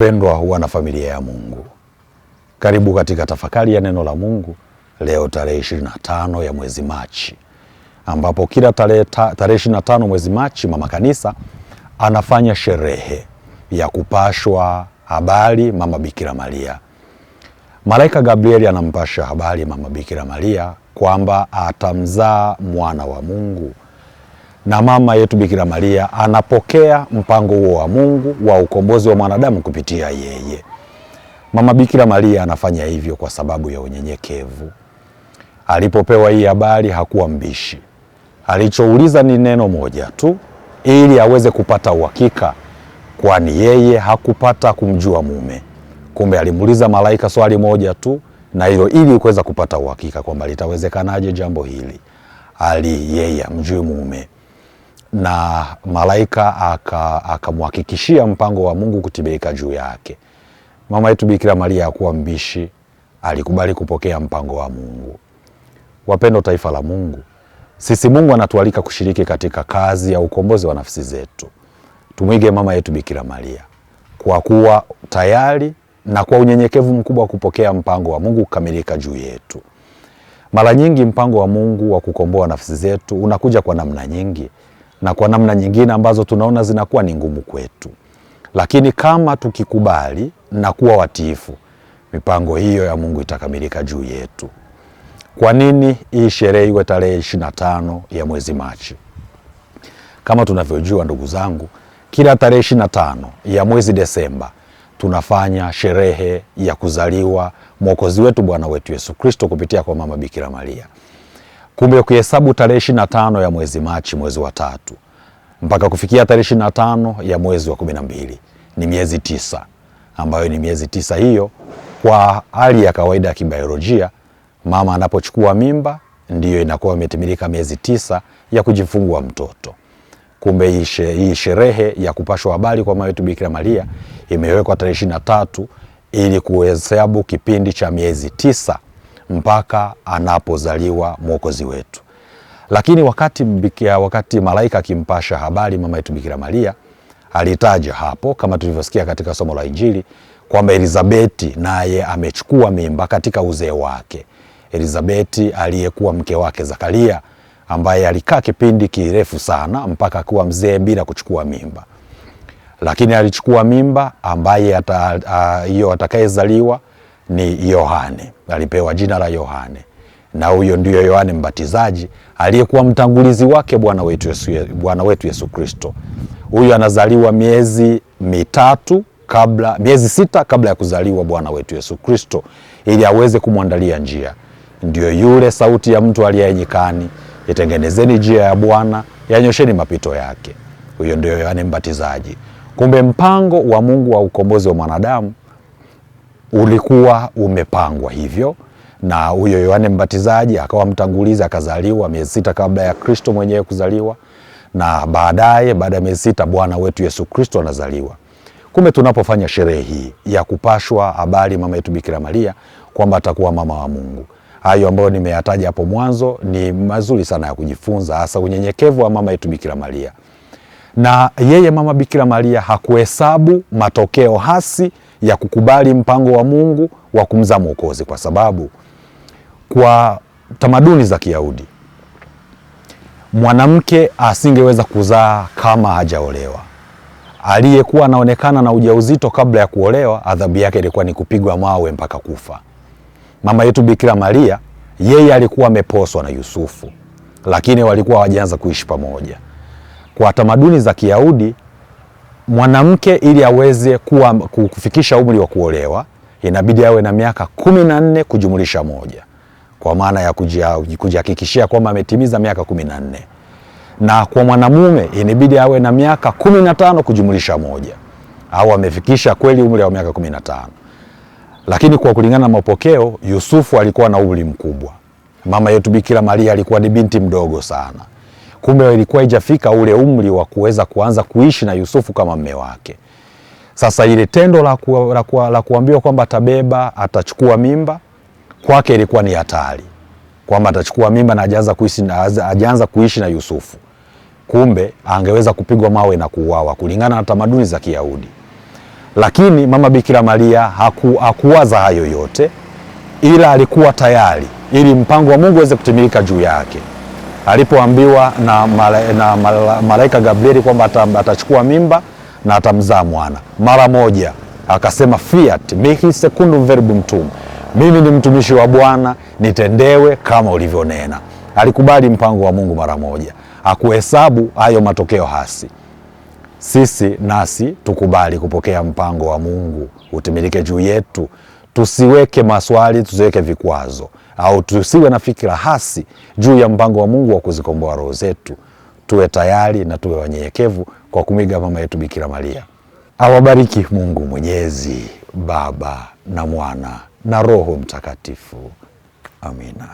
Pendwa huwa na familia ya Mungu, karibu katika tafakari ya neno la Mungu leo tarehe 25 ya mwezi Machi, ambapo kila tarehe tarehe 25 mwezi Machi mama kanisa anafanya sherehe ya kupashwa habari mama Bikira Maria. Malaika Gabrieli anampasha habari mama Bikira Maria kwamba atamzaa mwana wa Mungu na mama yetu Bikira Maria anapokea mpango huo wa Mungu wa ukombozi wa mwanadamu kupitia yeye. Mama Bikira Maria anafanya hivyo kwa sababu ya unyenyekevu. Alipopewa hii habari hakuwa mbishi. Alichouliza ni neno moja tu ili aweze kupata uhakika, kwani yeye hakupata kumjua mume. Kumbe alimuuliza malaika swali moja tu, na hilo ili kuweza kupata uhakika kwamba litawezekanaje jambo hili. Ali yeye amjui mume na malaika akamhakikishia aka mpango wa Mungu kutibirika juu yake. Mama yetu Bikira Maria hakuwa mbishi, alikubali kupokea mpango wa Mungu. Wapendo taifa la Mungu, sisi Mungu anatualika kushiriki katika kazi ya ukombozi wa nafsi zetu. Tumwige mama yetu Bikira Maria kwa kuwa tayari na kwa unyenyekevu mkubwa wa kupokea mpango wa Mungu kukamilika juu yetu. Mara nyingi mpango wa Mungu wa kukomboa nafsi zetu unakuja kwa namna nyingi na kwa namna nyingine ambazo tunaona zinakuwa ni ngumu kwetu, lakini kama tukikubali na kuwa watiifu, mipango hiyo ya Mungu itakamilika juu yetu. Kwa nini hii sherehe iwe tarehe ishirini na tano ya mwezi Machi? Kama tunavyojua ndugu zangu, kila tarehe ishirini na tano ya mwezi Desemba tunafanya sherehe ya kuzaliwa Mwokozi wetu Bwana wetu Yesu Kristo kupitia kwa Mama Bikira Maria. Kumbe ukihesabu tarehe ishirini na tano ya mwezi Machi, mwezi wa tatu, mpaka kufikia tarehe ishirini na tano ya mwezi wa kumi na mbili ni miezi tisa, ambayo ni miezi tisa hiyo, kwa hali ya kawaida ya kibaiolojia mama anapochukua mimba ndiyo inakuwa imetimilika miezi tisa ya kujifungua mtoto. Kumbe hii sherehe ya kupashwa habari kwa mama yetu Bikira Maria imewekwa tarehe ishirini na tatu ili kuhesabu kipindi cha miezi tisa mpaka anapozaliwa Mwokozi wetu. Lakini wakati, wakati malaika akimpasha habari mama yetu Bikira Maria alitaja hapo kama tulivyosikia katika somo la Injili kwamba Elizabeti naye amechukua mimba katika uzee wake. Elizabeti aliyekuwa mke wake Zakaria ambaye alikaa kipindi kirefu sana mpaka akiwa mzee bila kuchukua mimba, lakini alichukua mimba ambaye hiyo ata, atakayezaliwa ni Yohane, alipewa jina la Yohane na huyo ndiyo Yohane Mbatizaji aliyekuwa mtangulizi wake Bwana wetu Yesu, Bwana wetu Yesu Kristo. Huyu anazaliwa miezi mitatu kabla, miezi sita kabla ya kuzaliwa Bwana wetu Yesu Kristo, ili aweze kumwandalia njia. Ndiyo yule sauti ya mtu aliye nyikani, itengenezeni njia ya Bwana, yanyosheni mapito yake. Huyo ndio Yohane Mbatizaji. Kumbe mpango wa Mungu wa ukombozi wa mwanadamu ulikuwa umepangwa hivyo na huyo Yohane Mbatizaji akawa mtangulizi, akazaliwa miezi sita kabla ya Kristo mwenyewe kuzaliwa, na baadaye baada ya miezi sita Bwana wetu Yesu Kristo anazaliwa. Kumbe tunapofanya sherehe hii ya kupashwa habari mama yetu Bikira Maria kwamba atakuwa mama wa Mungu, hayo ambayo nimeyataja hapo mwanzo ni mazuri sana ya kujifunza, hasa unyenyekevu wa mama yetu Bikira Maria. Na yeye mama Bikira Maria hakuhesabu matokeo hasi ya kukubali mpango wa Mungu wa kumzaa Mwokozi, kwa sababu kwa tamaduni za Kiyahudi mwanamke asingeweza kuzaa kama hajaolewa. Aliyekuwa anaonekana na ujauzito kabla ya kuolewa, adhabu yake ilikuwa ni kupigwa mawe mpaka kufa. Mama yetu Bikira Maria yeye alikuwa ameposwa na Yusufu, lakini walikuwa hawajaanza kuishi pamoja. Kwa tamaduni za Kiyahudi, mwanamke ili aweze kuwa kufikisha umri wa kuolewa inabidi awe na miaka kumi na nne kujumulisha moja, kwa maana ya kujihakikishia kwamba ametimiza miaka kumi na nne na kwa mwanamume inabidi awe na miaka kumi na tano kujumulisha moja au amefikisha kweli umri wa miaka kumi na tano. Lakini kwa kulingana na mapokeo, Yusufu alikuwa na umri mkubwa. Mama yetu Bikira Maria alikuwa ni binti mdogo sana kumbe ilikuwa haijafika ule umri wa kuweza kuanza kuishi na Yusufu kama mme wake. Sasa ile tendo la, ku, la, ku, la kuambiwa kwamba atabeba atachukua mimba kwake ilikuwa ni hatari, kwamba atachukua mimba na ajaanza kuishi, ajaanza kuishi na Yusufu. Kumbe angeweza kupigwa mawe na kuuawa kulingana na tamaduni za Kiyahudi. Lakini mama Bikira Maria haku, hakuwaza hayo yote, ila alikuwa tayari ili mpango wa Mungu uweze kutimilika juu yake alipoambiwa na malaika, mala, mala, Gabrieli kwamba atachukua mimba na atamzaa mwana, mara moja akasema fiat mihi secundum verbum tuum, mimi ni mtumishi wa Bwana, nitendewe kama ulivyonena. Alikubali mpango wa Mungu mara moja, akuhesabu hayo matokeo hasi. Sisi nasi tukubali kupokea mpango wa Mungu utimilike juu yetu tusiweke maswali, tusiweke vikwazo au tusiwe na fikira hasi juu ya mpango wa Mungu wa kuzikomboa roho zetu. Tuwe tayari na tuwe wanyenyekevu kwa kumwiga mama yetu Bikira Maria. Awabariki Mungu Mwenyezi, Baba na Mwana na Roho Mtakatifu. Amina.